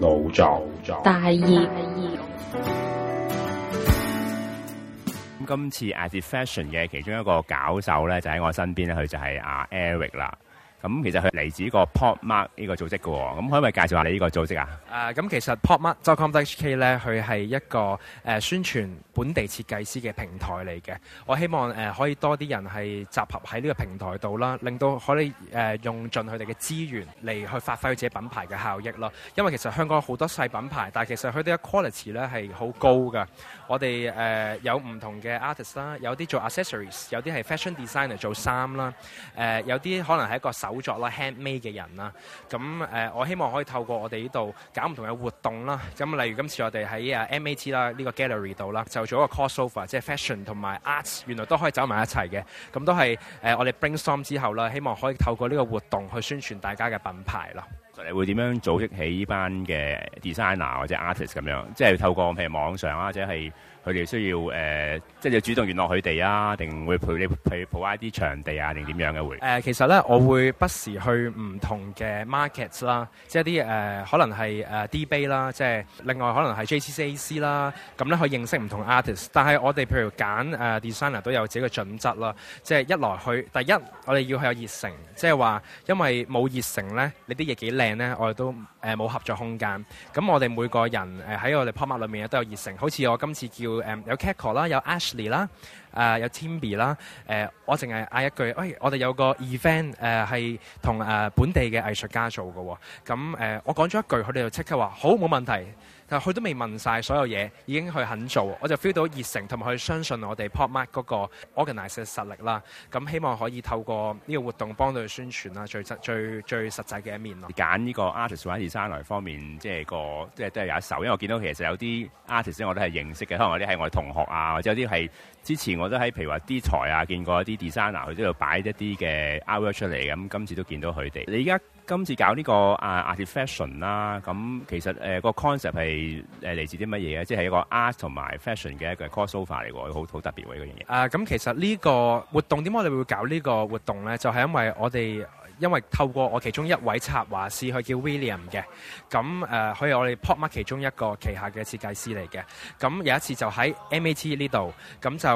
腦作大業，大業。今次 Artifashion 嘅其中一個搞手呢，就喺我身邊呢，佢就係阿、啊、Eric 啦。咁其實佢嚟自呢個 Pop Mark 呢個組織嘅喎，咁可唔可以介紹下你呢個組織啊？咁其實 Pop Mark、Zoukong Design HK 咧，佢係一個、呃、宣傳本地設計師嘅平台嚟嘅。我希望、呃、可以多啲人係集合喺呢個平台度啦，令到可以、呃、用盡佢哋嘅資源嚟去發揮自己品牌嘅效益咯。因為其實香港有好多細品牌，但係其實佢哋嘅 quality 咧係好高㗎。我哋有唔同嘅 artist 啦，有啲做 accessories，有啲係 fashion designer 做衫啦、呃，有啲可能係一個手工作啦，handmade 嘅人啦，咁誒，我希望可以透過我哋呢度搞唔同嘅活動啦，咁例如今次我哋喺啊 M A T 啦呢個 gallery 度啦，就做一個 crossover，即係 fashion 同埋 arts，原來都可以走埋一齊嘅，咁都係誒我哋 bring some 之後啦，希望可以透過呢個活動去宣傳大家嘅品牌咯。你會點樣組織起呢班嘅 designer 或者 artist 咁樣？即係透過譬如網上呀或者係。佢哋需要誒、呃、即係要主動聯絡佢哋啊，定會陪你 provide 啲場地啊，定點樣嘅會誒其實咧，我會不時去唔同嘅 markets 啦，即係啲誒可能係誒 D Bay 啦，即係另外可能係 JCCAC 啦，咁咧去認識唔同 artist。但係我哋譬如揀誒 designer 都有自己嘅準則啦，即係一來去第一，我哋要佢有熱誠，即係話因為冇熱誠咧，你啲嘢幾靚咧，我哋都誒冇合作空間，咁我哋每個人誒喺我哋 pop up 裏面咧都有熱誠，好似我今次叫。誒有 Cecor 啦，有 Ashley 啦，誒有 Timby 啦，誒我淨係嗌一句喂，我哋有個 event 誒係同誒本地嘅藝術家做嘅喎，咁誒我講咗一句，佢哋就即刻話：好，冇問題。但佢都未問晒所有嘢，已經去肯做，我就 feel 到熱誠，同埋佢相信我哋 PopMart 嗰個 organize 嘅實力啦。咁希望可以透過呢個活動幫到佢宣傳啦，最實最最實際嘅一面咯。你揀呢個 artist 或者 designer 方面，即係個即係都係有一手，因為我見到其實有啲 artist 我都係認識嘅，可能有啲係我哋同學啊，或者有啲係。之前我都喺譬如話啲台啊，見過一啲 designer 佢呢度擺一啲嘅 outwear 出嚟咁，今次都見到佢哋。你而家今次搞呢、呢個啊 Artifashion 啦，咁其實誒個 concept 係誒嚟自啲乜嘢咧？即係一個 art 同埋 fashion 嘅一個 crossover 嚟喎，好好特別喎，呢個嘢。啊，咁、啊、其實、呃那個、呢、就係個,個,呢個啊、其實個活動點解我哋會搞呢個活動咧？就係、係、因為我哋。因為透過我其中一位插畫師，佢叫 William 嘅，咁誒佢係我哋 PopMart 其中一個旗下嘅設計師嚟嘅，咁有一次就喺 MAT 呢度，咁就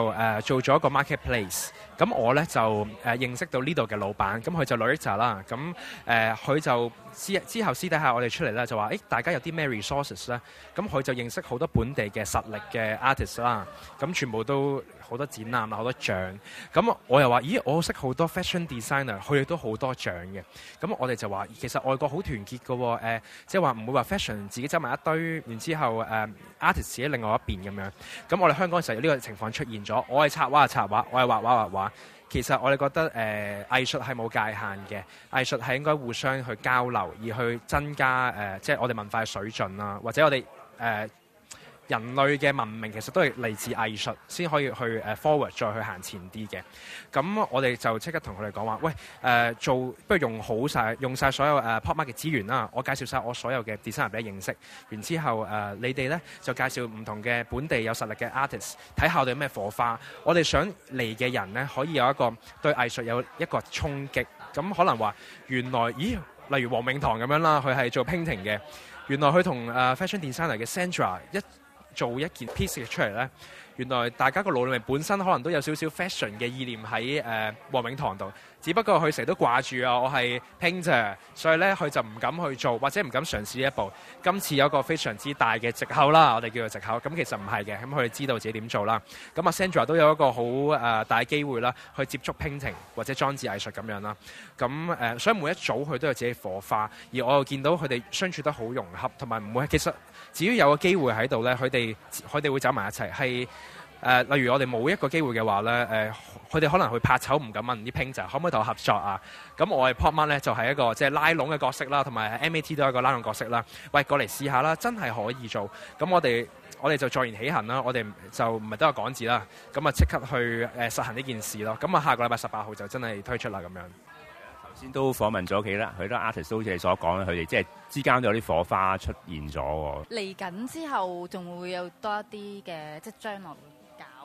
誒做咗一個 marketplace，咁我咧就誒認識到呢度嘅老闆，咁佢就 Lorita 啦，咁誒佢就之之後私底下我哋出嚟咧就話，誒大家有啲咩 resources 咧，咁佢就認識好多本地嘅實力嘅 artist 啦，咁全部都。好多展覽啊，好多獎。咁我又話，咦，我識好多 fashion designer，佢哋都好多獎嘅。咁我哋就話，其實外國好團結嘅喎，即係話唔會話 fashion 自己執埋一堆，然之後 artist 喺、呃、另外一邊咁樣。咁我哋香港就呢個情況出現咗。我係插畫係插畫，我係畫畫畫畫。其實我哋覺得誒藝術係冇界限嘅，藝術係應該互相去交流，而去增加即係、呃就是、我哋文化嘅水準啦，或者我哋人類嘅文明其實都係嚟自藝術，先可以去 forward，再去行前啲嘅。咁我哋就即刻同佢哋講話，喂、呃、做不如用好晒，用晒所有、啊、Pop Art 嘅資源啦。我介紹晒我所有嘅 designer 俾你認識。然之後、呃、你哋呢就介紹唔同嘅本地有實力嘅 artist，睇下我哋有咩火花。我哋想嚟嘅人呢，可以有一個對藝術有一個衝擊。咁可能話原來，咦，例如黃明堂咁樣啦，佢係做 painting 嘅。原來佢同、呃、fashion designer 嘅 Sandra 一做一件 piece 嘅出嚟咧，原來大家個腦裏面本身可能都有少少 fashion 嘅意念喺誒黃永堂度，只不過佢成日都掛住啊，我係 painter 啫，所以咧佢就唔敢去做，或者唔敢嘗試呢一步。今次有一個非常之大嘅藉口啦，我哋叫做藉口。咁其實唔係嘅，咁佢哋知道自己點做啦。咁阿 Sandra 都有一個好誒、呃、大機會啦，去接觸 painting 或者裝置藝術咁樣啦。咁誒、呃，所以每一組佢都有自己火花，而我又見到佢哋相處得好融合，同埋唔會其實只要有個機會喺度咧，佢哋佢哋會走埋一齊誒、呃，例如我哋冇一個機會嘅話咧，誒、呃，佢哋可能會怕醜唔敢問啲 p i n g 可唔可以同我合作啊？咁我哋 pop a n 呢，咧就係、是、一個即係、就是、拉攏嘅角色啦，同埋 M A T 都係一個拉攏角色啦。喂，過嚟試下啦，真係可以做。咁我哋我哋就坐言起行啦，我哋就唔係得個講字啦，咁啊即刻去、呃、實行呢件事咯。咁啊，下個禮拜十八號就真係推出啦咁樣。頭先都訪問咗企啦，佢多 artist 好似所講咧，佢哋即係之間都有啲火花出現咗。嚟緊之後仲會有多一啲嘅，即將來。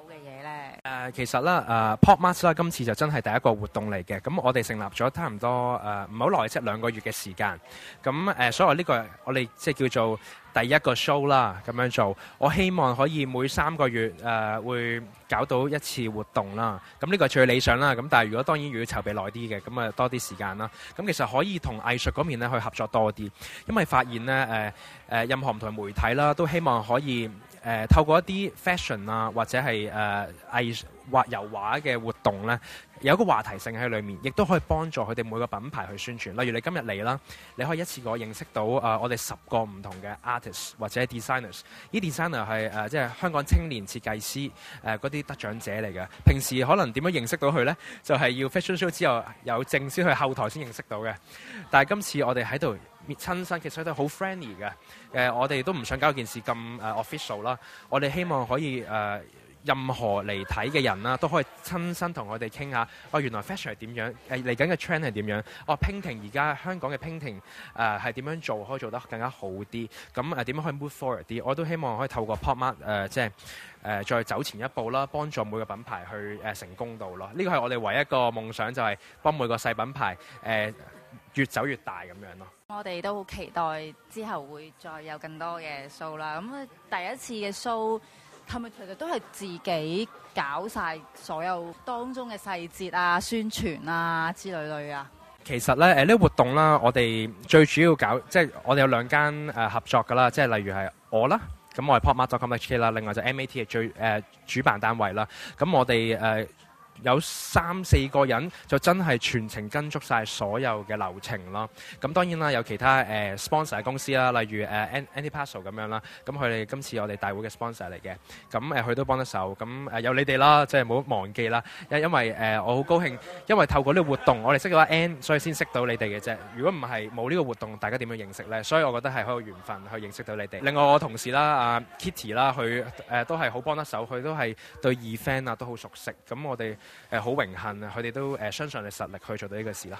嘅嘢咧，誒其實啦誒、呃、Pop Match 今次就真係第一個活動嚟嘅。咁我哋成立咗差唔多誒唔好耐，即係兩個月嘅時間。咁誒、呃，所以呢、呢個我哋即係叫做第一個 show 啦，咁樣做。我希望可以每三個月誒、呃、會搞到一次活動啦。咁呢個係最理想啦。咁但係如果當然要籌備耐啲嘅，咁啊多啲時間啦。咁其實可以同藝術嗰邊咧去合作多啲，因為發現呢，誒、呃、誒、呃、任何唔同媒體啦，都希望可以。呃、透過一啲 fashion 啊，或者係誒藝畫油畫嘅活動咧，有一個話題性喺裏面，亦都可以幫助佢哋每個品牌去宣傳。例如你今日嚟啦，你可以一次過認識到、呃、我哋十個唔同嘅 artists 或者 designers 呢。依 designer 係誒即係香港青年設計師誒嗰啲得獎者嚟嘅。平時可能點樣認識到佢咧？就係、是、要 fashion show 之後有正式去後台先認識到嘅。但係今次我哋喺度。親身其實都好 friendly 嘅、呃，我哋都唔想搞件事咁、呃、official 啦。我哋希望可以、呃、任何嚟睇嘅人啦，都可以親身同我哋傾下。哦，原來 fashion 係點樣？誒、呃，嚟緊嘅 trend 係點樣？哦，painting 而家香港嘅 painting 誒係點樣做？可以做得更加好啲。咁誒點樣可以 move forward 啲？我都希望可以透過 PopMart、呃、即係、呃、再走前一步啦，幫助每個品牌去、呃、成功到咯。呢個係我哋唯一一個夢想，就係、是、幫每個細品牌、呃越走越大咁樣咯，我哋都好期待之後會再有更多嘅 show 啦。咁、嗯、第一次嘅 show 係咪其實都係自己搞晒所有當中嘅細節啊、宣傳啊之類類啊？其實咧誒呢、呃呢個活動啦，我哋最主要搞即係我哋有兩間誒、呃、合作㗎啦，即係例如係我啦，咁我係 Pop Mart 做咁 m u 啦，另外就 M A T 係最誒、呃、主辦單位啦。咁我哋誒。呃有三四個人就真係全程跟足晒所有嘅流程咯。咁當然啦，有其他 sponsor、呃、公司啦，例如、呃、Antipassal 咁樣啦，咁佢哋今次我哋大會嘅 sponsor 嚟嘅。咁佢、呃、都幫得手。咁、呃、有你哋啦，即係冇忘記啦。因因為、呃、我好高興，因為透過呢個活動，我哋識到 Ann，所以先識到你哋嘅啫。如果唔係冇呢個活動，大家點樣認識咧？所以我覺得係好有緣分去認識到你哋。另外我同事啦，阿、啊、Kitty 啦，佢、呃、都係好幫得手，佢都係對 event 啊都好熟悉。咁我哋。誒、呃，好榮幸啊！佢哋都誒、呃，相信你實力去做到呢個事啦。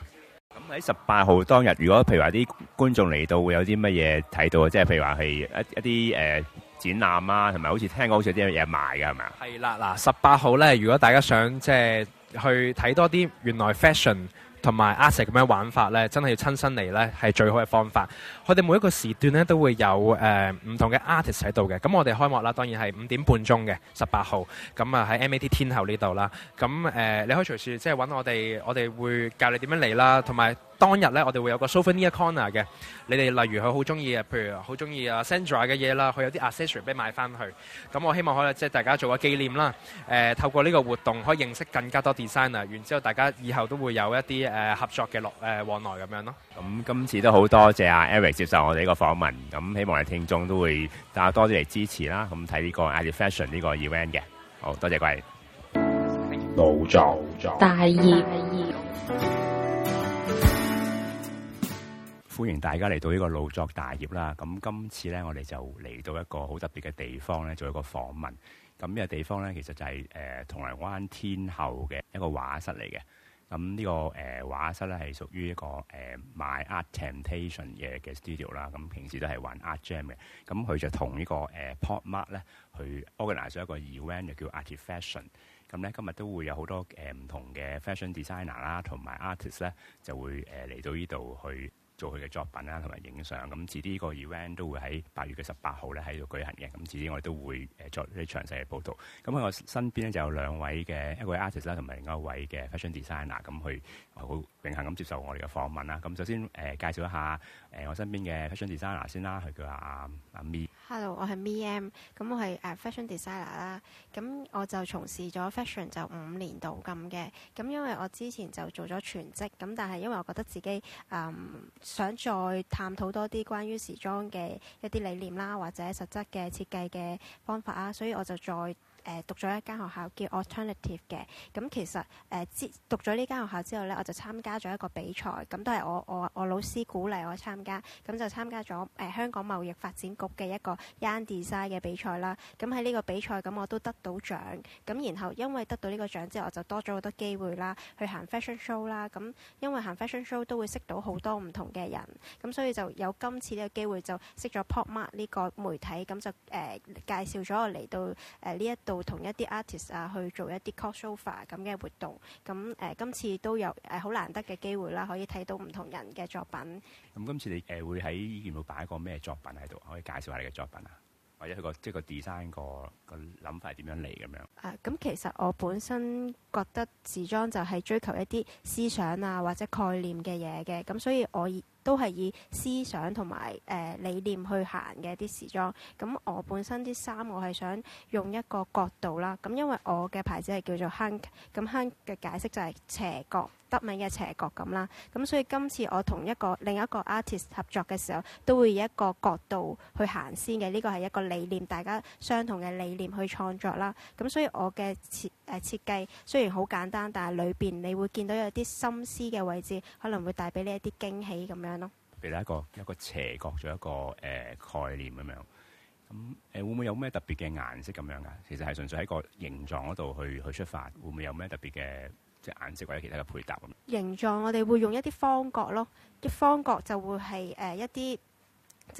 咁喺十八號當日，如果譬如話啲觀眾嚟到，會有啲乜嘢睇到、呃、啊？即係譬如話係一一啲誒展覽啊，同埋好似聽過好似有啲嘢賣嘅係咪啊？係啦，嗱，十八號咧，如果大家想即係、就是、去睇多啲，原來 fashion。同埋 artist 咁樣玩法咧，真係要親身嚟咧係最好嘅方法。我哋每一個時段咧都會有誒、呃、唔同嘅 artist 喺度嘅。咁我哋開幕啦，當然係五點半鐘嘅十八號。咁啊喺 MAD 天后呢度啦。咁誒、呃，你可以隨時即係揾我哋，我哋會教你點樣嚟啦，同埋，當日咧，我哋會有一個 Souvenir Corner 嘅。你哋例如佢好中意啊，譬如好中意啊，Sandra 嘅嘢啦，佢有啲 accessory 俾買翻去。咁我希望可以即係大家做個紀念啦。誒、呃，透過呢個活動可以認識更加多 designer，然之後大家以後都會有一啲誒、呃、合作嘅落誒、呃、往來咁樣咯。咁今次都好多謝阿 Eric 接受我哋呢個訪問。咁希望你聽眾都會大家多啲嚟支持啦。咁睇呢個 Artifashion 呢個 event 嘅。好，多謝各位。腦作大業。大歡迎大家嚟到呢個腦作大業啦。咁今次咧，我哋就嚟到一個好特別嘅地方咧，做一個訪問。咁呢個地方咧，其實就係誒銅鑼灣天后嘅一個畫室嚟嘅。咁、這個呃、呢個誒畫室咧，係屬於一個誒、呃、My Art Temptation 嘅嘅 studio 啦。咁平時都係玩 Art Jam 嘅。咁佢就同、這個呃、呢個 Pop Mark 咧去 organize 咗一個 event，就叫 Artifashion。咁咧今日都會有好多誒唔、呃、同嘅 fashion designer 啦，同埋 artist 咧就會嚟、呃、到呢度去。做佢嘅作品啦，同埋影相。咁遲啲個 event 都會喺八月嘅十八號咧喺度舉行嘅。咁遲啲我哋都會誒作啲詳細嘅報道。咁喺我身邊咧就有兩位嘅一位 artist 啦，同埋另外一位嘅 fashion designer。咁去好榮幸咁接受我哋嘅訪問啦。咁首先介紹一下我身邊嘅 fashion designer 先啦。佢叫阿阿 Me。Hello，我係 Me M。咁我係 fashion designer 啦。咁我就從事咗 fashion 就五年度咁嘅。咁因為我之前就做咗全職，咁但係因為我覺得自己、嗯想再探討多啲關於時裝嘅一啲理念啦，或者實質嘅設計嘅方法啊。所以我就再。誒讀咗一間學校叫 Alternative 嘅，咁其實誒之讀咗呢間學校之後呢，我就參加咗一個比賽，咁都係我我我老師鼓勵我參加，咁就參加咗、呃、香港貿易發展局嘅一個 Young Design 嘅比賽啦。咁喺呢個比賽，咁我都得到獎，咁然後因為得到呢個獎之後，我就多咗好多機會啦，去行 fashion show 啦。咁因為行 fashion show 都會識到好多唔同嘅人，咁所以就有今次呢個機會就識咗 PopMart 呢個媒體，咁就、呃、介紹咗我嚟到誒呢、呃、一度。做同一啲 artist 啊，去做一啲 crossover 咁嘅活動，咁、呃、今次都有好難得嘅機會啦，可以睇到唔同人嘅作品。咁今次你誒、呃、會喺現場度擺一個咩作品喺度？可以介紹下你嘅作品啊，或者佢、那個即係 design 個諗法點樣嚟咁樣啊？咁、呃、其實我本身覺得時裝就係追求一啲思想啊，或者概念嘅嘢嘅。咁所以我都係以思想同埋誒理念去行嘅啲時裝。咁我本身啲衫，我係想用一個角度啦。咁因為我嘅牌子係叫做 Hunk，咁 Hunk 嘅解釋就係斜角。凸面嘅斜角咁啦，咁所以今次我同一個另一個 artist 合作嘅時候，都會以一個角度去行先嘅。呢個係一個理念，大家相同嘅理念去創作啦。咁所以我嘅設誒設計雖然好簡單，但係裏邊你會見到有啲心思嘅位置，可能會帶俾你一啲驚喜咁樣咯。俾一個一個斜角，做一個誒、呃、概念咁樣。咁誒、呃、會唔會有咩特別嘅顏色咁樣噶？其實係純粹喺個形狀嗰度去去出發，會唔會有咩特別嘅？即、就、係、是、顏色或者其他嘅配搭，形狀我哋會用一啲方角咯，啲方角就會係誒、呃、一啲，即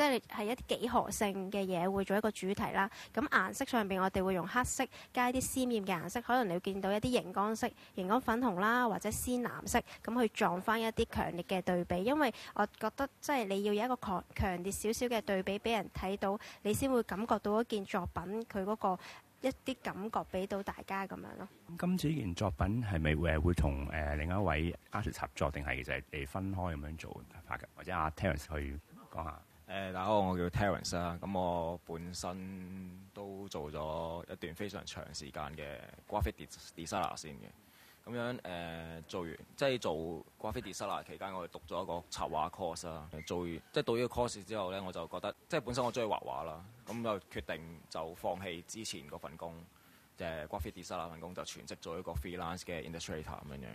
係係一啲幾何性嘅嘢，會做一個主題啦。咁顏色上面我哋會用黑色加一啲鮮豔嘅顏色，可能你會見到一啲熒光色、熒光粉紅啦，或者鮮藍色，咁去撞返一啲強烈嘅對比。因為我覺得即係、就是、你要有一個強強烈少少嘅對比，俾人睇到，你先會感覺到一件作品佢嗰、那個。一啲感覺俾到大家咁樣咯。咁今次呢件作品係咪誒會同、呃、另一位 artist 合作，定係其實係嚟分開咁樣做嘅？或者阿、啊、Terence 去講下、呃？大家好，我叫 Terence 啦。咁我本身都做咗一段非常長時間嘅 graphic designer 先嘅。咁樣誒、呃、做完，即係做 Graphic Design 期間我係讀咗一個插畫 course 啦。做完即係到呢個 course 之後咧，我就覺得即係本身我中意畫畫啦，咁就決定就放棄之前嗰份工，即係 Graphic Design 份工，就全職做一個 freelance 嘅 illustrator 咁樣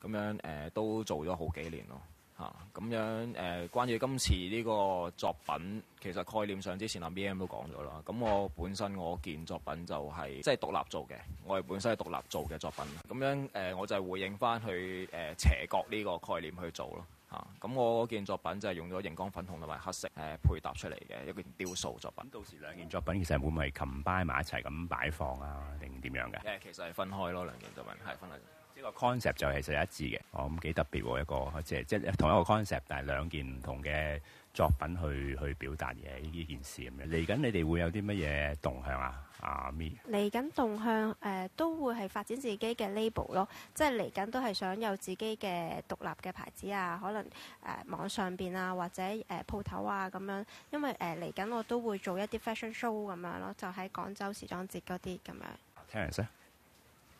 咁樣誒、呃、都做咗好幾年咯。咁、啊、樣誒、呃，關於今次呢個作品，其實概念上之前林 B M 都講咗啦。咁我本身我件作品就係即係獨立做嘅，我本身係獨立做嘅作品。咁樣誒、呃，我就係回應翻去誒、呃、斜角呢個概念去做咯。咁、啊啊、我件作品就係用咗熒光粉紅同埋黑色誒、呃、配搭出嚟嘅一件雕塑作品。嗯、到時兩件作品其實會唔會 combine 埋一齊咁擺放啊？定點樣嘅、啊？其實係分開咯，兩件作品係分呢、這個 concept 就其實一致嘅，我諗幾特別喎一個，即係即係同一個 concept，但係兩件唔同嘅作品去去表達嘅呢件事咁樣。嚟緊你哋會有啲乜嘢動向啊？阿咪嚟緊動向誒、呃，都會係發展自己嘅 label 咯，即係嚟緊都係想有自己嘅獨立嘅牌子啊，可能誒、呃、網上邊啊，或者誒鋪頭啊咁樣。因為誒嚟緊我都會做一啲 fashion show 咁樣咯，就喺廣州時裝節嗰啲咁樣。聽唔聽？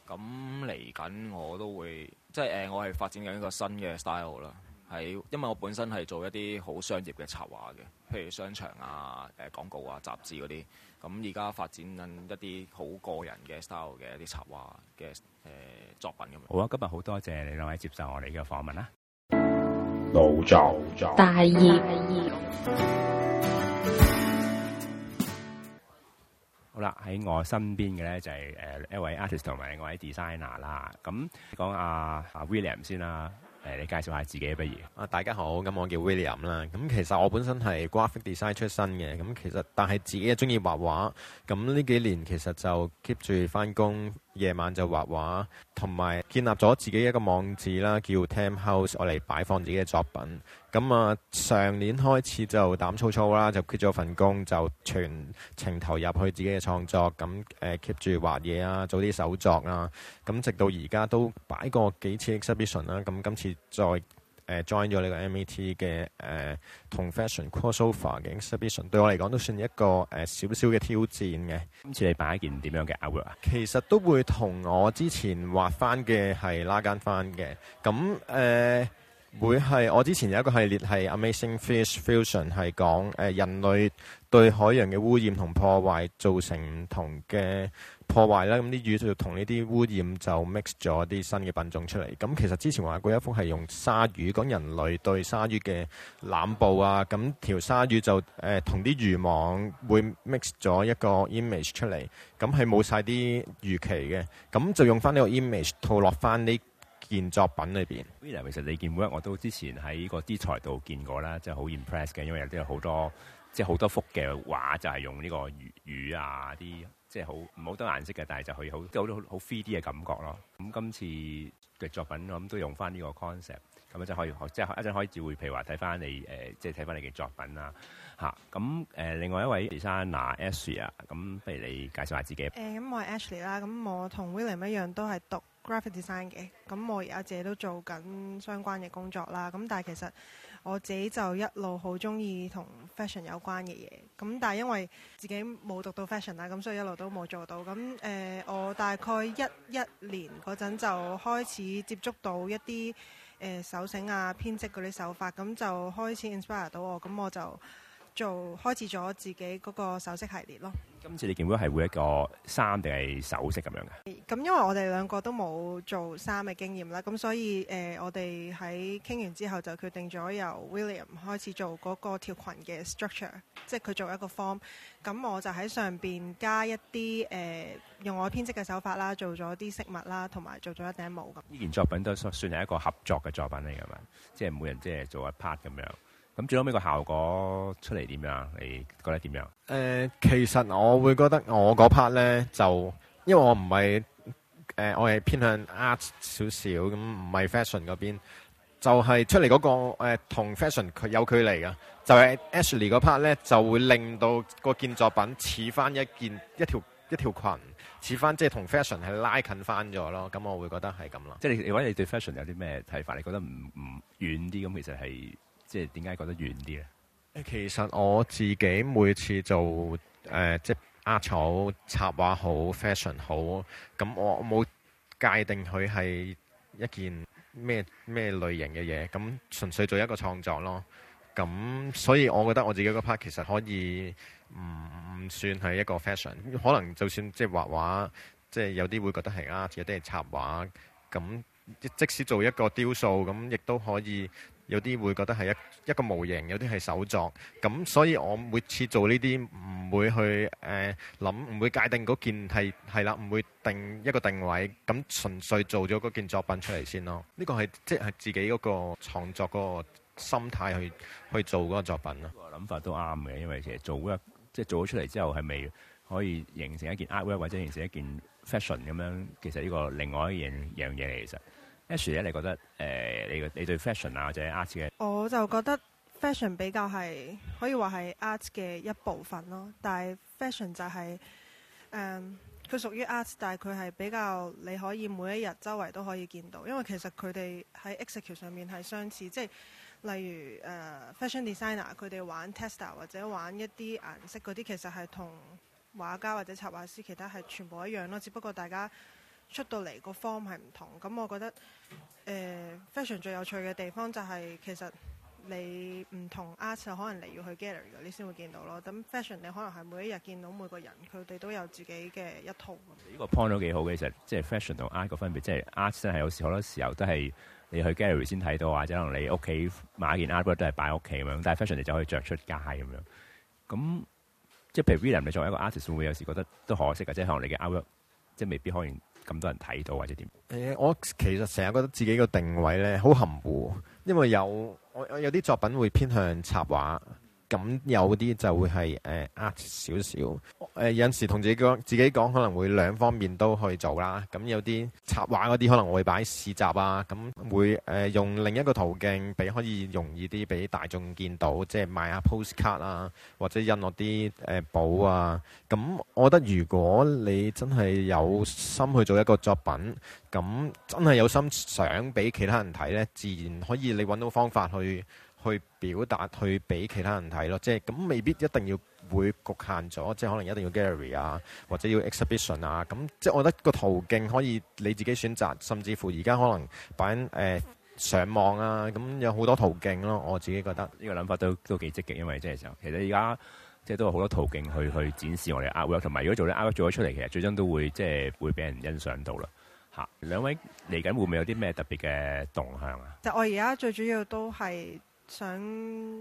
咁嚟緊，我都會即係，誒我係發展緊一個新嘅 style 啦。係，因為我本身係做一啲好商業嘅插畫嘅，譬如商場啊、誒、呃、廣告啊、雜誌嗰啲。咁而家發展緊一啲好個人嘅 style 嘅一啲插畫嘅作品咁。好啊，今日好多謝你兩位接受我哋嘅訪問啦。腦作大業。大好啦，喺我身邊嘅咧就係誒一位 artist 同埋另一位 designer 啦。咁講阿 William 先啦，誒你介紹下自己不如。啊大家好，咁我叫 William 啦。咁其實我本身係 graphic design 出身嘅，咁其實但係自己又中意畫畫。咁呢幾年其實就 keep 住翻工，夜晚就畫畫，同埋建立咗自己一個網址啦，叫 Tam House，我嚟擺放自己嘅作品。咁啊，上年開始就膽粗粗啦，就 quit 咗份工，就全程投入去自己嘅創作。咁誒，keep 住畫嘢啊，做啲手作啊。咁直到而家都擺過幾次 exhibition 啦。咁今次再誒 join 咗呢個 MET 嘅誒同 fashion crossover 嘅 exhibition，對我嚟講都算一個誒少少嘅挑戰嘅。今次你擺一件點樣嘅 out 啊？其實都會同我之前畫翻嘅係拉間翻嘅。咁誒。呃會係我之前有一個系列係 Amazing Fish Fusion 係講誒人類對海洋嘅污染同破壞造成唔同嘅破壞啦，咁、嗯、啲魚就同呢啲污染就 mix 咗啲新嘅品種出嚟。咁、嗯、其實之前話過一幅係用鯊魚講人類對鯊魚嘅濫捕啊，咁條鯊魚就誒同啲漁網會 mix 咗一個 image 出嚟，咁係冇晒啲魚鰭嘅，咁、嗯、就用翻呢個 image 套落翻呢。件作品裏邊，William 其實你嘅 work 我都之前喺個資材度見過啦，即係好 impress 嘅，因為有啲好多即係好多幅嘅畫就係用呢個魚魚啊啲，即係好唔好多顏色嘅，但係就可以好即好多好 3D 嘅感覺咯。咁今次嘅作品我諗都用翻呢個 concept，咁啊即可以即係一陣可以接會，譬如話睇翻你誒，即係睇翻你嘅作品啦嚇。咁、啊、誒、呃，另外一位 designer Ashley 啊，咁不如你介紹下自己。誒，咁我係 Ashley 啦，咁我同 William 一樣都係讀。Graphic design 嘅，咁我而家自己都做緊相關嘅工作啦。咁但係其實我自己就一路好中意同 fashion 有關嘅嘢。咁但係因為自己冇讀到 fashion 啦，咁所以一路都冇做到。咁、呃、我大概一一年嗰陣就開始接觸到一啲誒、呃、手繩啊、編織嗰啲手法，咁就開始 inspire 到我。咁我就做開始咗自己嗰個首飾系列咯。今次你見到係會一個衫定係首飾咁樣嘅？咁因為我哋兩個都冇做衫嘅經驗啦，咁所以、呃、我哋喺傾完之後就決定咗由 William 開始做嗰個條裙嘅 structure，即係佢做一個 form，咁我就喺上邊加一啲、呃、用我編織嘅手法啦，做咗啲飾物啦，同埋做咗一頂帽咁。呢件作品都算係一個合作嘅作品嚟㗎嘛，即係每人即係做一 part 咁樣。咁最後尾個效果出嚟點樣？你覺得點樣？誒、呃，其實我會覺得我嗰 part 咧就，因為我唔係，誒、呃，我係偏向 art 呃少少咁，唔係 fashion 嗰邊，就係、是、出嚟嗰、那個誒同、呃、fashion 佢有距離噶，就係、是、Ashley 嗰 part 咧就會令到個件作品似翻一件一條一條裙，似翻即係同 fashion 係拉近翻咗咯，咁我會覺得係咁咯。即係如果你對 fashion 有啲咩睇法？你覺得唔唔遠啲？咁其實係即係點解覺得遠啲咧？其實我自己每次做誒，即係畫草、插畫好、fashion 好，咁我冇界定佢係一件咩咩類型嘅嘢，咁純粹做一個創作咯。咁所以我覺得我自己嗰 part 其實可以唔算係一個 fashion，可能就算即係畫畫，即、就、係、是、有啲會覺得係 a r t 啲係插畫，咁即使做一個雕塑，咁亦都可以。有啲會覺得係一一個模型，有啲係手作，咁所以我每次做呢啲唔會去誒諗，唔會界定嗰件係係啦，唔會定一個定位，咁純粹做咗嗰件作品出嚟先咯。呢個係即係自己嗰個創作嗰個心態去去做嗰個作品咯。我諗法都啱嘅，因為其實做 work 即係做咗出嚟之後係未可以形成一件 artwork 或者形成一件 fashion 咁樣，其實呢個另外一樣樣嘢嚟其實。H 咧，你覺得誒你、呃、你對 fashion 啊或者 art 嘅、啊？我就覺得 fashion 比較係可以話係 art 嘅一部分咯。但係 fashion 就係、是、誒，佢、嗯、屬於 art，但係佢係比較你可以每一日周圍都可以見到，因為其實佢哋喺 execution 上面係相似，即係例如、uh, fashion designer 佢哋玩 tester 或者玩一啲顏色嗰啲，那些其實係同畫家或者插畫師其他係全部一樣咯。只不過大家，出到嚟個 form 係唔同，咁我覺得、呃、fashion 最有趣嘅地方就係、是、其實你唔同 artist 可能你要去 gallery 嗰啲先會見到咯。咁 fashion 你可能係每一日見到每個人，佢哋都有自己嘅一套。呢個 point 都、嗯、幾好嘅，就係即係 fashion 同 art 個分別，即、就、係、是、art 真係有時好多時候都係你去 gallery 先睇到，或者可能你屋企買件 artwork 都係擺屋企咁樣，但係 fashion 你就可以着出街咁樣。咁即係譬如 William，你作為一個 artist 會唔會有時覺得都可惜嘅？即、就、係、是、可能你嘅 artwork 即未必可以。咁多人睇到或者點？誒、欸，我其實成日覺得自己個定位咧好含糊，因為有我我有啲作品會偏向插畫。咁有啲就會係誒呃少少，誒、uh, 有陣時同自己講，自己講可能會兩方面都去做啦。咁有啲插畫嗰啲，可能會擺市集啊，咁會誒、uh, 用另一個途徑，俾可以容易啲俾大眾見到，即係賣下 postcard 啊，或者印落啲誒簿啊。咁我覺得如果你真係有心去做一個作品，咁真係有心想俾其他人睇呢，自然可以你揾到方法去。去表達，去俾其他人睇咯，即係咁未必一定要會局限咗，即係可能一定要 gallery 啊，或者要 exhibition 啊，咁即係我覺得個途徑可以你自己選擇，甚至乎而家可能擺喺、呃、上網啊，咁有好多途徑咯。我自己覺得呢、這個諗法都都幾積極，因為即係時候其實而家即係都有好多途徑去去展示我哋 artwork 同埋如果做啲 artwork 做咗出嚟，其實最終都會即係、就是、會俾人欣賞到啦。吓，兩位嚟緊會唔會有啲咩特別嘅動向啊？就我而家最主要都係，想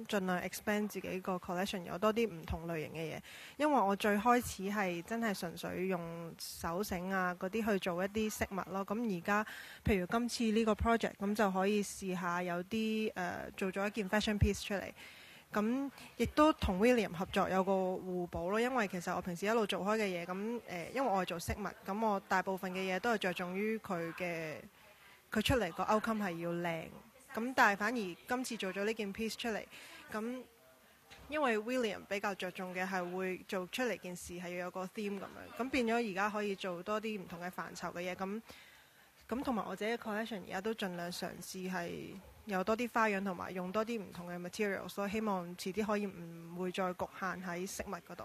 盡量 expand 自己個 collection 有多啲唔同類型嘅嘢，因為我最開始係真係純粹用手繩啊嗰啲去做一啲飾物咯。咁而家譬如今次呢個 project，咁就可以試下有啲、呃、做咗一件 fashion piece 出嚟。咁亦都同 William 合作有個互補咯，因為其實我平時一路做開嘅嘢，咁、呃、因為我係做飾物，咁我大部分嘅嘢都係着重於佢嘅佢出嚟個 outcome 係要靚。咁但係反而今次做咗呢件 piece 出嚟，咁因為 William 比較着重嘅係會做出嚟件事係要有個 theme 咁樣，咁變咗而家可以做多啲唔同嘅範疇嘅嘢，咁咁同埋我自己嘅 collection 而家都盡量嘗試係有多啲花樣同埋用多啲唔同嘅 material，所以希望遲啲可以唔會再局限喺飾物嗰度。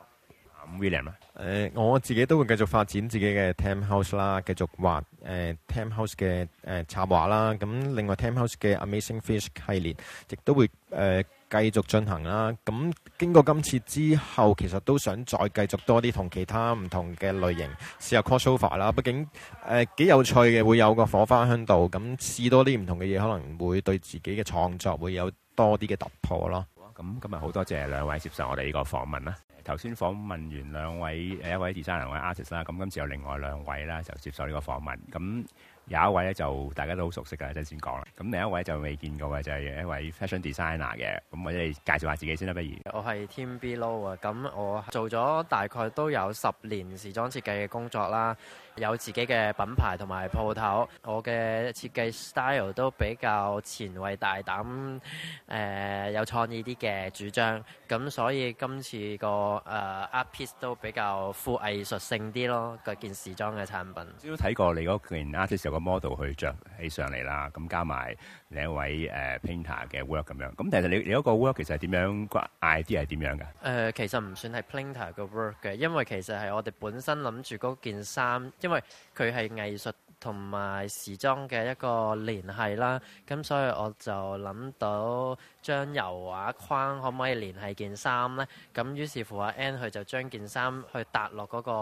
咁 William 啊，誒，我自己都會繼續發展自己嘅 Tim House 啦，繼續畫誒 Tim House 嘅誒、呃、插畫啦。咁另外 Tim House 嘅 Amazing Fish 系列，亦都會誒、呃、繼續進行啦。咁經過今次之後，其實都想再繼續多啲同其他唔同嘅類型試下 Crossover 啦。畢竟誒幾、呃、有趣嘅，會有個火花響度。咁試多啲唔同嘅嘢，可能會對自己嘅創作會有多啲嘅突破咯。咁今日好多謝兩位接受我哋呢個訪問啦。頭先訪問完兩位，一位二三兩位 r t i t 啦。咁今次有另外兩位啦，就接受呢個訪問。咁。有一位咧就大家都好熟悉嘅，陣先講啦。咁另一位就未見過嘅就係有一位 fashion designer 嘅，咁我哋介紹下自己先啦，不如。我係 Tim B Low 啊，咁我做咗大概都有十年時裝設計嘅工作啦，有自己嘅品牌同埋鋪頭，我嘅設計 style 都比較前衛大膽誒、呃、有創意啲嘅主張，咁所以今次個誒 art piece 都比較富藝術性啲咯，嗰件時裝嘅產品。朝睇過你件 art i model 去着起上嚟啦，咁加埋另一位誒、呃、painter 嘅 work 咁樣，咁其實你你嗰個 work 其實係點樣個 idea 係點樣噶？誒、呃，其實唔算係 painter 嘅 work 嘅，因為其實係我哋本身諗住嗰件衫，因為佢係藝術。同埋時裝嘅一個聯繫啦，咁所以我就諗到將油畫框可唔可以聯繫件衫呢？咁於是乎阿 N 佢就將件衫去搭落嗰個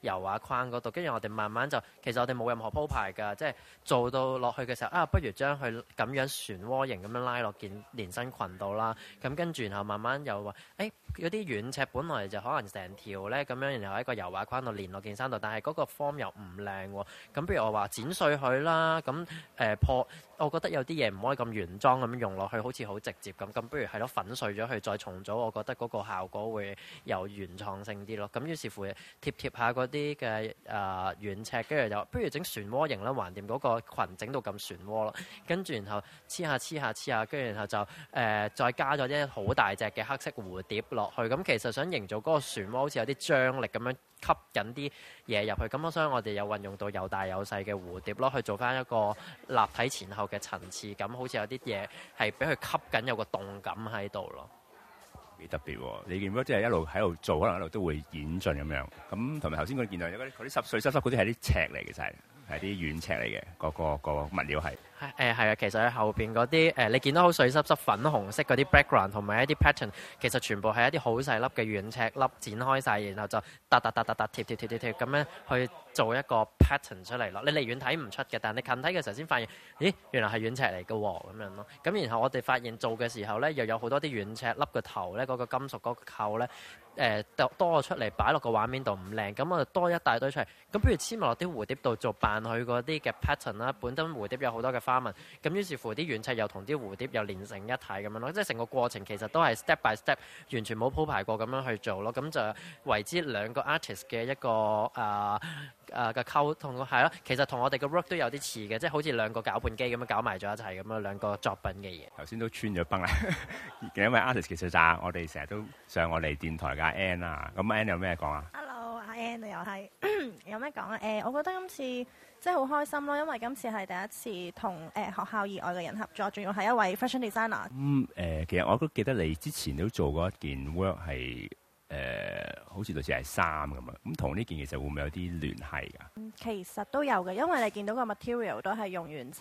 油畫框嗰度，跟住我哋慢慢就其實我哋冇任何鋪排㗎，即係做到落去嘅時候啊，不如將佢咁樣旋渦型咁樣拉落件連身裙度啦。咁跟住然後慢慢又話誒有啲軟尺本來就可能成條呢咁樣，然後喺個油畫框度連落件衫度，但係嗰個方又唔靚喎。咁譬如我話剪碎佢啦，咁、呃、破。我覺得有啲嘢唔可以咁原裝咁樣用落去，好似好直接咁。咁不如係咯，粉碎咗佢再重組。我覺得嗰個效果會有原創性啲咯。咁於是乎貼貼下嗰啲嘅誒軟尺，跟住就不如整漩渦型啦，橫掂嗰個裙整到咁漩渦咯。跟住然後黐下黐下黐下，跟住然後就，然後然後就、呃、再加咗啲好大隻嘅黑色蝴蝶落去。咁其實想營造嗰個漩渦好似有啲張力咁樣吸引啲嘢入去。咁我所以我哋又運用到有大有細嘅蝴蝶咯，去做翻一個立體前後。嘅層次咁，好似有啲嘢係俾佢吸緊，有個動感喺度咯。幾特別喎！你見到即係一路喺度做，可能一路都會演進咁樣。咁同埋頭先我見到有嗰啲嗰啲濕水濕濕嗰啲係啲尺嚟嘅，就係係啲軟尺嚟嘅。個個個物料係誒係啊，其實喺後邊嗰啲誒，你見到好水濕濕粉紅色嗰啲 background 同埋一啲 pattern，其實全部係一啲好細粒嘅軟尺粒剪開晒，然後就搭搭搭搭搭貼貼貼貼貼咁樣去做一個 pattern 出嚟咯，你離遠睇唔出嘅，但係你近睇嘅時候先發現，咦，原來係軟尺嚟嘅喎咁樣咯。咁然後我哋發現做嘅時候呢，又有好多啲軟尺粒個頭呢，嗰、那個金屬嗰、那個扣呢，誒、呃，多咗出嚟，擺落個畫面度唔靚，咁我就多一大堆出嚟。咁不如黐埋落啲蝴蝶度做扮佢嗰啲嘅 pattern 啦。本身蝴蝶有好多嘅花紋，咁於是乎啲軟尺又同啲蝴蝶又連成一體咁樣咯。即係成個過程其實都係 step by step，完全冇鋪排過咁樣去做咯。咁就為之兩個 artist 嘅一個啊～、呃誒嘅溝通係咯，其實同我哋嘅 work 都有啲似嘅，即係好似兩個攪拌機咁樣攪埋咗一齊咁樣兩個作品嘅嘢。頭先都穿咗崩啦，因為 artist 其實渣，我哋成日都上我哋電台嘅 N 啊，咁 N 有咩講啊？Hello，阿 N 你又係有咩講啊？誒，我覺得今次即係好開心咯，因為今次係第一次同誒、uh，學校以外嘅人合作，仲要係一位 fashion designer。嗯，誒、呃，其實我都記得你之前都做過一件 work 係。誒、呃，好似類似好似係衫咁啊，咁同呢件其實會唔會有啲聯繫㗎？嗯，其實都有嘅，因為你見到個 material 都係用軟尺。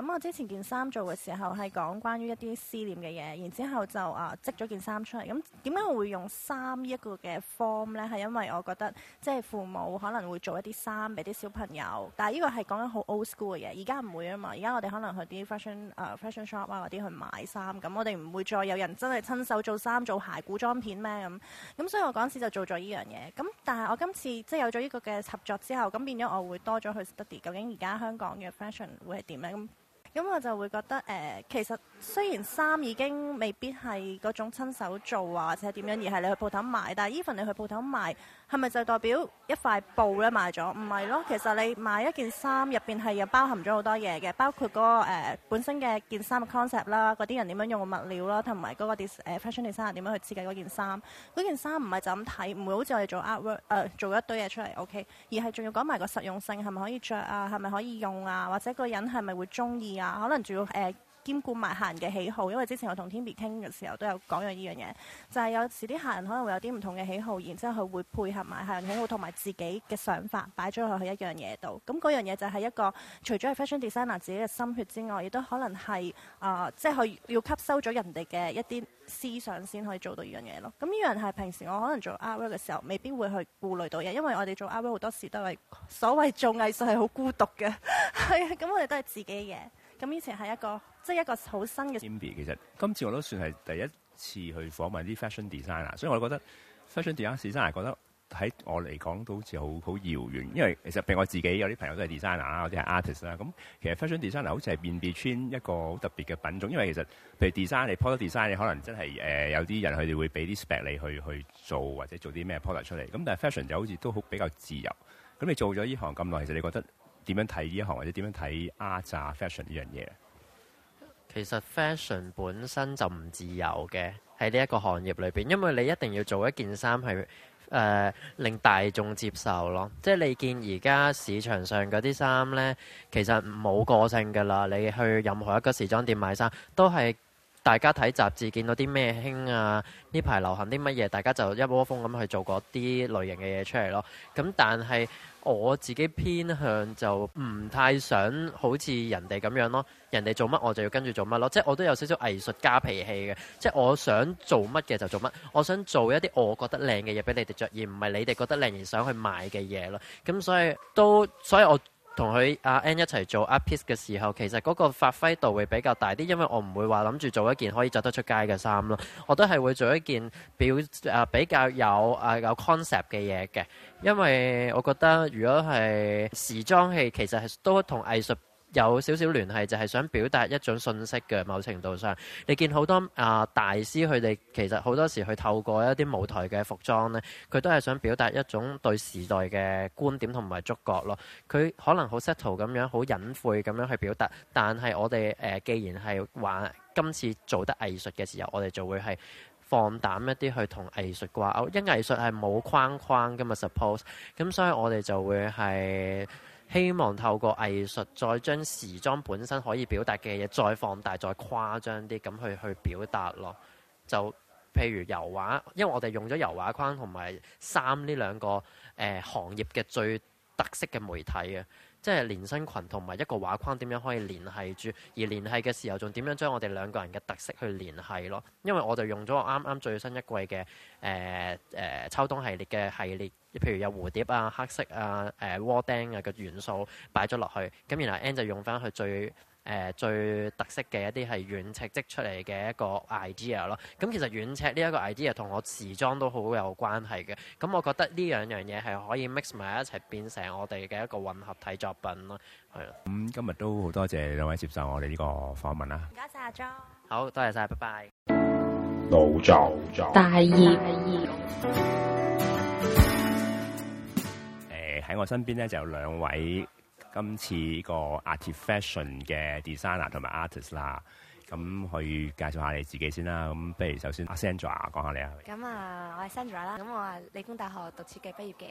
咁我之前件衫做嘅時候係講關於一啲思念嘅嘢，然之後就啊織咗件衫出嚟。咁點解我會用衫呢一個嘅 form 咧？係因為我覺得即係、就是、父母可能會做一啲衫俾啲小朋友，但係呢個係講緊好 old school 嘅嘢。而家唔會啊嘛，而家我哋可能去啲 fashion、uh, fashion shop 啊嗰啲去買衫。咁我哋唔會再有人真係親手做衫做鞋古裝片咩咁？咁所以我嗰次就做咗呢樣嘢。咁但係我今次即係、就是、有咗呢個嘅合作之後，咁變咗我會多咗去 study 究竟而家香港嘅 fashion 會係點咧？咁咁我就會覺得，誒、呃，其實雖然衫已經未必係嗰種親手做啊，或者點樣，而係你去鋪頭買。但係，even，你去鋪頭買。係咪就代表一塊布咧買咗？唔係咯，其實你買一件衫入邊係又包含咗好多嘢嘅，包括嗰、那個、呃、本身嘅件衫 concept 啦，嗰啲人點樣用嘅物料啦，同埋嗰個啲誒、呃、fashion designer 點樣去設計嗰件衫。嗰件衫唔係就咁睇，唔會好似我哋做 artwork 誒、呃、做一堆嘢出嚟 OK，而係仲要講埋個實用性係咪可以着啊，係咪可以用啊，或者個人係咪會中意啊？可能仲要誒。呃兼顧埋客人嘅喜好，因為之前我同 Tiffany 傾嘅時候都有講過呢樣嘢，就係、是、有時啲客人可能會有啲唔同嘅喜好，然之後佢會配合埋客人喜好同埋自己嘅想法擺咗落去一樣嘢度。咁、嗯、嗰樣嘢就係一個除咗係 fashion designer 自己嘅心血之外，亦都可能係啊、呃，即係佢要吸收咗人哋嘅一啲思想先可以做到呢、嗯、樣嘢咯。咁呢樣係平時我可能做 artwork 嘅時候未必會去顧慮到嘅，因為我哋做 artwork 好多時都係所謂做藝術係好孤獨嘅，係 咁、嗯、我哋都係自己嘅。咁、嗯、以前係一個。即係一個好新嘅。其實今次我都算係第一次去訪問啲 fashion designer，所以我覺得 fashion designer 其實覺得喺我嚟講都好似好好遙遠，因為其實譬如我自己有啲朋友都係 designer 啊，有啲係 artist 啦。咁其實 fashion designer 好似係辨別穿一個好特別嘅品種，因為其實譬如 design 你 product design 你可能真係有啲人佢哋會俾啲 spec 你去去做或者做啲咩 product 出嚟。咁但係 fashion 就好似都好比較自由。咁你做咗呢行咁耐，其實你覺得點樣睇呢一行，或者點樣睇 Artifashion 呢樣嘢？其實 fashion 本身就唔自由嘅，喺呢一個行業裏邊，因為你一定要做一件衫係誒令大眾接受咯。即係你見而家市場上嗰啲衫呢，其實冇個性噶啦。你去任何一個時裝店買衫，都係大家睇雜誌見到啲咩興啊，呢排流行啲乜嘢，大家就一窩蜂咁去做嗰啲類型嘅嘢出嚟咯。咁但係，我自己偏向就唔太想好似人哋咁樣咯，人哋做乜我就要跟住做乜咯，即係我都有少少藝術家脾氣嘅，即係我想做乜嘅就做乜，我想做一啲我覺得靚嘅嘢俾你哋着，而唔係你哋覺得靚而想去買嘅嘢咯。咁所以都，所以我。同佢阿 N 一齊做 up piece 嘅時候，其實嗰個發揮度會比較大啲，因為我唔會話諗住做一件可以著得出街嘅衫咯，我都係會做一件表誒、啊、比較有誒、啊、有 concept 嘅嘢嘅，因為我覺得如果係時裝戲其實係都同藝術。有少少聯繫就係、是、想表達一種信息嘅，某程度上你見好多啊、呃、大師佢哋其實好多時去透過一啲舞台嘅服裝呢，佢都係想表達一種對時代嘅觀點同埋觸覺咯。佢可能好 set up 咁樣，好隱晦咁樣去表達。但係我哋誒、呃，既然係玩今次做得藝術嘅時候，我哋就會係放膽一啲去同藝術掛鈎，因為藝術係冇框框㗎嘛。Suppose 咁，所以我哋就會係。希望透過藝術再將時裝本身可以表達嘅嘢再放大、再誇張啲咁去去表達咯。就譬如油畫，因為我哋用咗油畫框同埋衫呢兩個行業嘅最特色嘅媒體啊。即係連身裙同埋一個畫框點樣可以連係住？而連係嘅時候，仲點樣將我哋兩個人嘅特色去連係咯？因為我就用咗我啱啱最新一季嘅誒誒秋冬系列嘅系列，譬如有蝴蝶啊、黑色啊、誒、呃、窩釘啊嘅元素擺咗落去。咁然後 N 就用翻佢最。誒、呃、最特色嘅一啲係軟尺積出嚟嘅一個 idea 咯，咁其實軟尺呢一個 idea 同我時裝都好有關係嘅，咁我覺得呢兩樣嘢係可以 mix 埋一齊變成我哋嘅一個混合體作品咯，係啦。咁、嗯、今日都好多謝兩位接受我哋呢個訪問啦，唔該晒，阿莊，好多謝晒，拜拜。腦作大業，誒、欸、喺我身邊咧就有兩位。今次一個 Artifashion 嘅 designer 同埋 artist 啦，咁去介紹下你自己先啦。咁不如首先，Sandra 講下你。咁啊，我係 Sandra 啦。咁我係理工大學讀設計畢業嘅。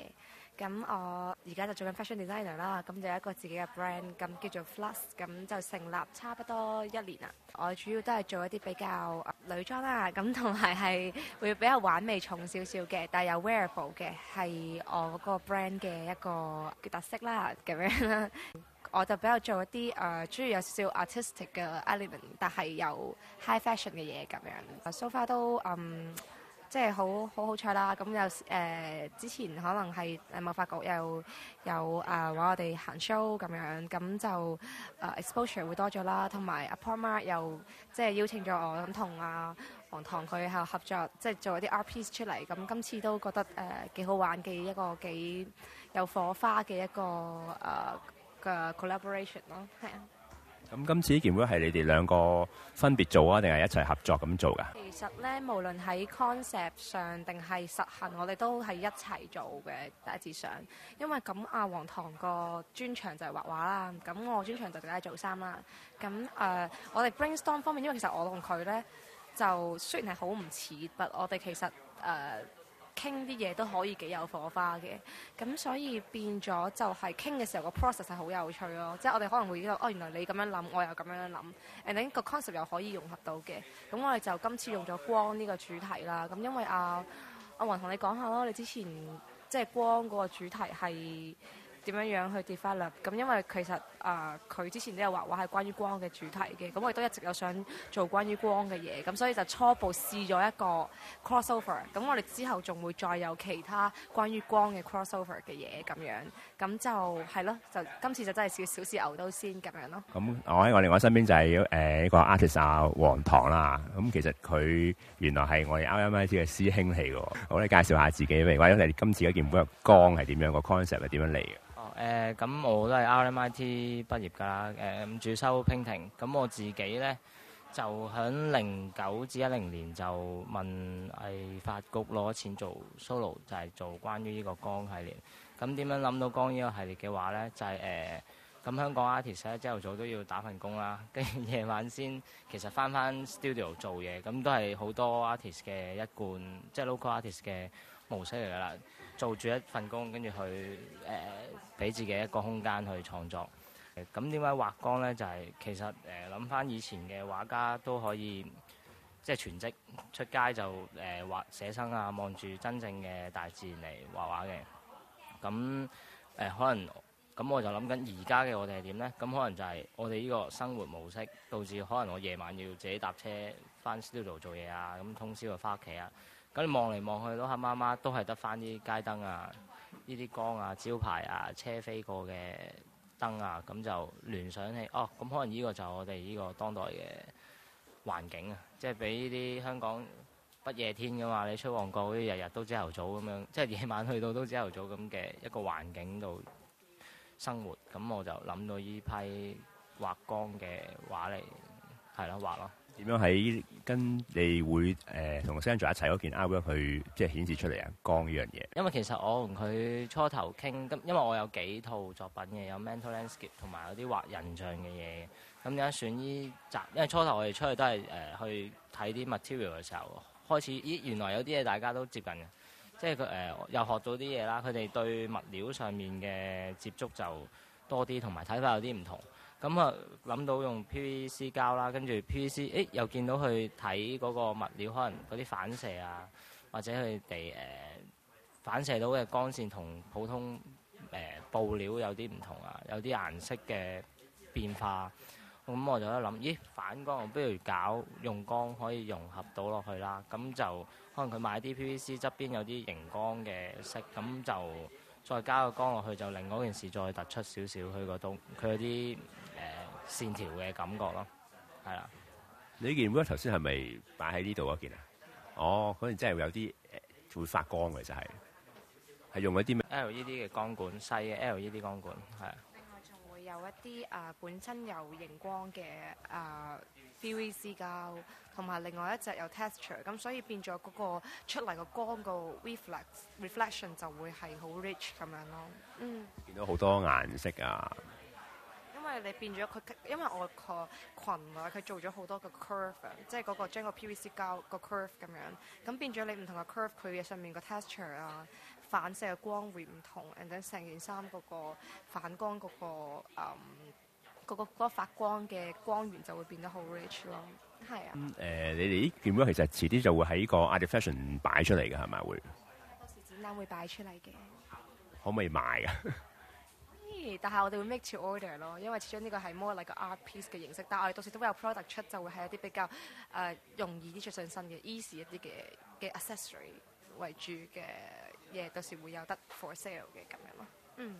咁我而家就做緊 fashion designer 啦，咁就有一個自己嘅 brand，咁叫做 Flus，咁就成立差不多一年啦。我主要都係做一啲比較、呃、女裝啦，咁同埋係會比較玩味重少少嘅，但係有 wearable 嘅，係我個 brand 嘅一個特色啦，咁樣啦。我就比較做一啲誒，中、呃、意有少少 artistic 嘅 element，但係又 high fashion 嘅嘢咁樣。so、呃、far 都嗯。呃即係好好好彩啦！咁有誒、呃、之前可能係誒文化局又有有話、呃、我哋行 show 咁樣咁就、呃、exposure 會多咗啦，同埋阿 Paul Mark 又即係邀請咗我咁同阿黃唐佢合作，即係做一啲 art piece 出嚟。咁今次都覺得幾、呃、好玩嘅一個幾有火花嘅一個嘅、呃、collaboration 咯，係啊！咁今次呢件會係你哋兩個分別做啊，定係一齊合作咁做噶？其實咧，無論喺 concept 上定係實行，我哋都係一齊做嘅，第一次上。因為咁阿黃唐個專長就係畫畫啦，咁我專長就係做衫啦。咁誒、呃，我哋 brainstorm 方面，因為其實我同佢咧，就雖然係好唔似，但我哋其實誒。呃傾啲嘢都可以幾有火花嘅，咁所以變咗就係傾嘅時候個 process 係好有趣咯，即係我哋可能會知道，哦，原來你咁樣諗，我又咁樣諗，誒，呢個 concept 又可以融合到嘅。咁我哋就今次用咗光呢個主題啦。咁因為啊，阿雲同你講下咯，你之前即係光嗰個主題係點樣樣去 develop，咁因為其實。啊、呃！佢之前都有畫畫係關於光嘅主題嘅，咁我亦都一直有想做關於光嘅嘢，咁所以就初步試咗一個 crossover。咁我哋之後仲會再有其他關於光嘅 crossover 嘅嘢咁樣，咁就係咯，就今次就真係少小試牛刀先咁樣咯。咁、嗯、我喺我另外身邊就係誒一個 artist 黃、啊、棠啦。咁、嗯、其實佢原來係我哋 RMIT 嘅師兄嚟嘅。好，你介紹一下自己，譬如你因今次嗰件關於光係點樣、嗯、個 concept 係點樣嚟嘅？誒、呃、咁我都係 RMIT 畢業㗎啦，誒、呃、咁主修 painting。咁我自己咧就喺零九至一零年就問藝發局攞錢做 solo，就係做關於呢個光系列。咁點樣諗到光呢個系列嘅話咧，就係誒咁香港 artist 咧、啊，朝頭早都要打份工啦，跟住夜晚先其實翻翻 studio 做嘢，咁都係好多 artist 嘅一貫即係、就是、local artist 嘅模式嚟㗎啦。做住一份工，跟住去誒俾、呃、自己一個空間去創作。咁點解畫光呢？就係、是、其實諗翻、呃、以前嘅畫家都可以即係、就是、全職出街就誒、呃、畫寫生啊，望住真正嘅大自然嚟畫畫嘅。咁、呃、可能咁我就諗緊而家嘅我哋係點呢？咁可能就係我哋呢個生活模式導致可能我夜晚要自己搭車翻 studio 做嘢啊，咁通宵就翻屋企啊。咁望嚟望去都黑麻麻都係得返啲街燈啊、呢啲光啊、招牌啊、車飛過嘅燈啊，咁就聯想起哦，咁可能呢個就我哋呢個當代嘅環境啊，即係俾呢啲香港不夜天㗎嘛，你出旺角嗰啲日日都朝頭早咁樣，即係夜晚去到都朝頭早咁嘅一個環境度生活，咁我就諗到依批畫光嘅畫嚟，係咯、啊，畫咯。點樣喺跟你會誒同、呃、Sandra 一齊嗰件 Artwork 去即係顯示出嚟啊？講呢樣嘢？因為其實我同佢初頭傾，咁因為我有幾套作品嘅，有 Mental Landscape 同埋有啲畫人像嘅嘢。咁點解選呢集？因為初頭我哋出去都係誒、呃、去睇啲 material 嘅時候，開始，咦，原來有啲嘢大家都接近嘅，即係佢誒又學到啲嘢啦。佢哋對物料上面嘅接觸就多啲，同埋睇法有啲唔同。咁啊，諗到用 PVC 膠啦，跟住 PVC，咦，又見到佢睇嗰個物料，可能嗰啲反射啊，或者佢哋、呃、反射到嘅光線同普通誒、呃、布料有啲唔同啊，有啲顏色嘅變化，咁我就一諗，咦，反光，我不如搞用光可以融合到落去啦。咁就可能佢買啲 PVC 側邊有啲熒光嘅色，咁就再加個光落去，就令嗰件事再突出少少佢嗰度，佢啲。線條嘅感覺咯，係啦。你件 work 頭先係咪擺喺呢度嗰件啊？哦，可能真係會有啲誒、呃、會發光嘅，就係。係用一啲咩？L E D 嘅光管，細嘅 L E D 光管，係啊。另外仲會有一啲誒、呃、本身有熒光嘅誒 PVC 膠，同、呃、埋、啊、另外一隻有 texture，咁所以變咗嗰個出嚟個光個 reflex reflection、嗯、reflection 就會係好 rich 咁樣咯。嗯。見到好多顏色啊！因為你變咗佢，因為我個裙的 curve,、那個群啊，佢做咗好多個 curve，啊，即係嗰個將個 PVC 膠個 curve 咁樣，咁變咗你唔同個 curve，佢嘅上面個 texture 啊，反射嘅光會唔同，and then 成件衫嗰個反光嗰、那個誒，嗰、嗯那個嗰、那個、發光嘅光源就會變得好 rich 咯，係啊。咁、嗯呃、你哋見到其實遲啲就會喺個 Artifashion 擺出嚟嘅係咪會？時展覽會擺出嚟嘅。可唔可以賣啊？ 嗯、但係我哋會 make to order 咯，因為始終呢個係 more like 個 art piece 嘅形式，但係我哋到時都會有 product 出，就會係一啲比較誒、呃、容易啲著上身嘅 easy 一啲嘅嘅 accessory 為主嘅嘢，到時會有得 for sale 嘅咁樣咯。嗯，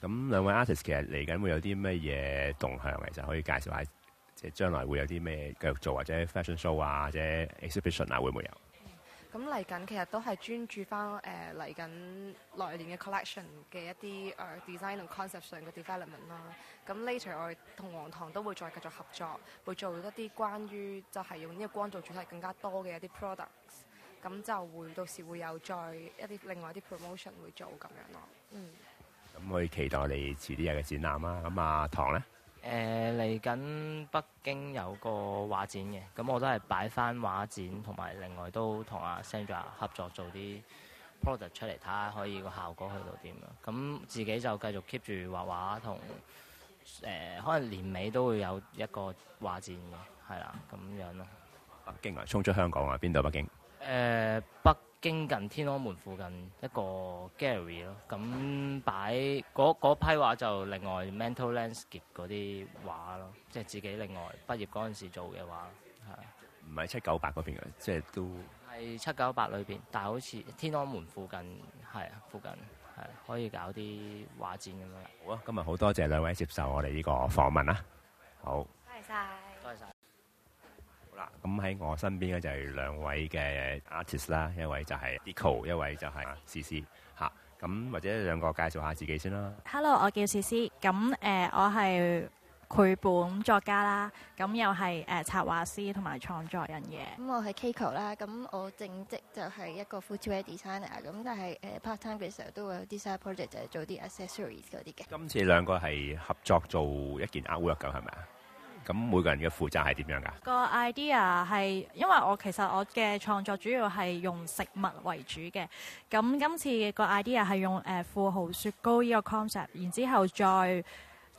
咁兩位 artist 其實嚟緊會有啲咩嘢動向？其實可以介紹下，即係將來會有啲咩繼續做或者 fashion show 啊，或者 exhibition 啊，會唔會有？咁嚟緊其實都係專注翻嚟緊來年嘅 collection 嘅一啲、呃、design and concept 上嘅 development 啦。咁 later 我同黃堂都會再繼續合作，會做一啲關於就係用呢個光做主題更加多嘅一啲 products。咁就會到時會有再一啲另外一啲 promotion 會做咁樣咯。嗯。咁我可以期待你遲啲日嘅展覽啦。咁啊，堂咧、啊。誒，嚟緊北京有個畫展嘅，咁我都係擺翻畫展，同埋另外都同阿 Sandra 合作做啲 product 出嚟，睇下可以個效果去到點啦。咁自己就繼續 keep 住畫畫同、呃、可能年尾都會有一個畫展嘅，係啦，咁樣咯。北京啊！衝出香港啊！邊度、啊？北京？呃、北。經近天安門附近一個 gallery 咯，咁擺嗰批畫就另外 mental landscape 嗰啲畫咯，即係自己另外畢業嗰陣時做嘅畫，係啊。唔係七九八嗰邊嘅，即係都係七九八裏邊，就是、裡面，但係好似天安門附近，係附近係可以搞啲畫展咁樣。好啊，今日好多謝兩位接受我哋呢個訪問啊！好。係啊。嗱，咁喺我身邊咧就係兩位嘅 artist 啦，一位就係 Dico，一位就係 C C。咁、啊啊、或者兩個介紹一下自己先啦。Hello，我叫 C C。咁、呃、我係繪本作家啦，咁又係、呃、插畫師同埋創作人嘅。咁我係 Kiko 啦。咁我正職就係一個 full time designer，咁但係、呃、part time 嘅時候都會有 design project 就係做啲 accessories 嗰啲嘅。今次兩個係合作做一件 outwork，係咪啊？咁每個人嘅負責係點樣㗎？個 idea 係因為我其實我嘅創作主要係用食物為主嘅，咁今次嘅個 idea 係用、呃、富豪雪糕呢個 concept，然之後再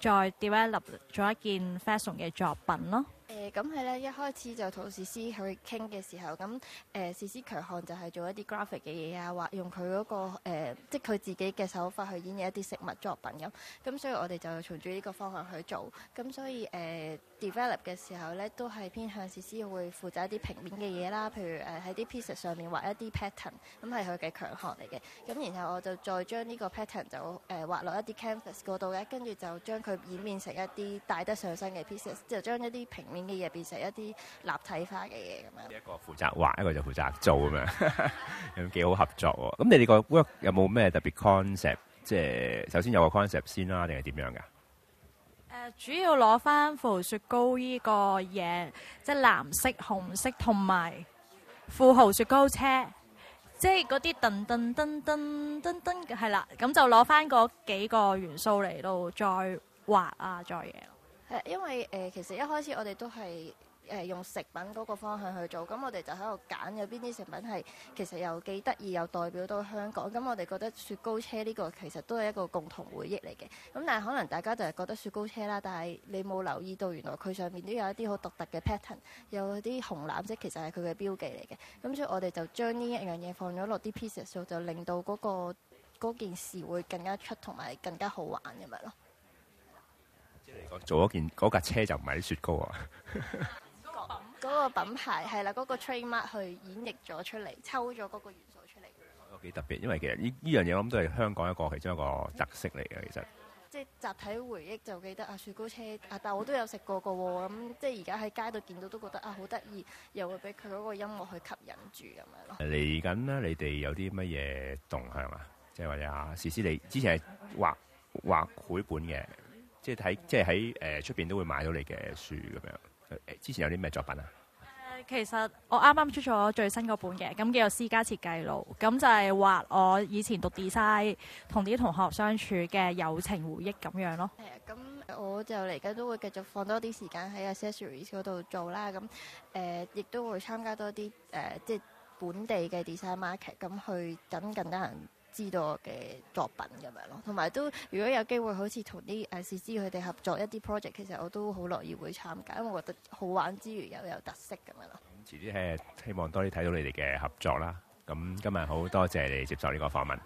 再 develop 咗一件 fashion 嘅作品咯。誒咁係咧，一開始就同史詩去傾嘅時候，咁誒史詩強項就係做一啲 graphic 嘅嘢啊，或用佢嗰、那個誒、呃，即係佢自己嘅手法去演繹一啲食物作品咁。咁、嗯、所以我哋就從住呢個方向去做。咁、嗯、所以誒、呃、develop 嘅時候咧，都係偏向史詩會負責一啲平面嘅嘢啦，譬如誒喺啲 pieces 上面畫一啲 pattern，咁係佢嘅強項嚟嘅。咁、嗯嗯、然後我就再將呢個 pattern 就誒畫落一啲 canvas 度咧，跟住就將佢演變成一啲帶得上身嘅 pieces，就將一啲平面嘅嘢變成一啲立體化嘅嘢咁樣，一個負責畫，一個就負責做咁樣，咁 幾好合作喎。咁你哋個 work 有冇咩特別 concept？即係首先有個 concept 先啦，定係點樣㗎？誒、呃，主要攞翻富豪雪糕呢個嘢，即係藍色、紅色同埋富豪雪糕車，即係嗰啲噔噔噔噔噔噔噔，係啦。咁就攞翻嗰幾個元素嚟到再畫啊，再嘢。因為誒、呃、其實一開始我哋都係誒、呃、用食品嗰個方向去做，咁我哋就喺度揀有邊啲食品係其實又幾得意又代表到香港，咁我哋覺得雪糕車呢個其實都係一個共同回憶嚟嘅。咁但係可能大家就係覺得雪糕車啦，但係你冇留意到原來佢上面都有一啲好獨特嘅 pattern，有啲紅藍色其實係佢嘅標記嚟嘅。咁所以我哋就將呢一樣嘢放咗落啲 pieces 度，就令到嗰、個嗰件事會更加出同埋更加好玩咁樣咯。做嗰件嗰架車就唔係啲雪糕啊！嗰、 那個品牌係啦，嗰、那個 trademark 去演繹咗出嚟，抽咗嗰個元素出嚟，有幾特別。因為其實呢依樣嘢我諗都係香港一個其中一個特色嚟嘅，其實。即係集體回憶就記得啊，雪糕車啊，但我都有食過噶喎。咁、啊嗯、即係而家喺街度見到都覺得啊，好得意，又會俾佢嗰個音樂去吸引住咁樣咯。嚟緊咧，你哋有啲乜嘢動向啊？即、就、係、是、或者啊，詩詩你之前係畫畫繪本嘅。即係睇，即係喺誒出邊都會買到你嘅書咁樣。之前有啲咩作品啊？誒、呃、其實我啱啱出咗最新嗰本嘅，咁叫做《私家設計路》，咁就係話我以前讀 design 同啲同學相處嘅友情回憶咁樣咯。係咁我就嚟緊都會繼續放多啲時間喺 accessories 嗰度做啦。咁誒亦都會參加多啲誒、呃、即係本地嘅 design market，咁去等更多人知道我嘅作品咁樣咯，同埋都如果有機會好似同啲誒視師佢哋合作一啲 project，其實我都好樂意會參加，因為我覺得好玩之餘又有，有特色咁樣咯。遲啲係希望多啲睇到你哋嘅合作啦。咁今日好多謝你哋接受呢個訪問。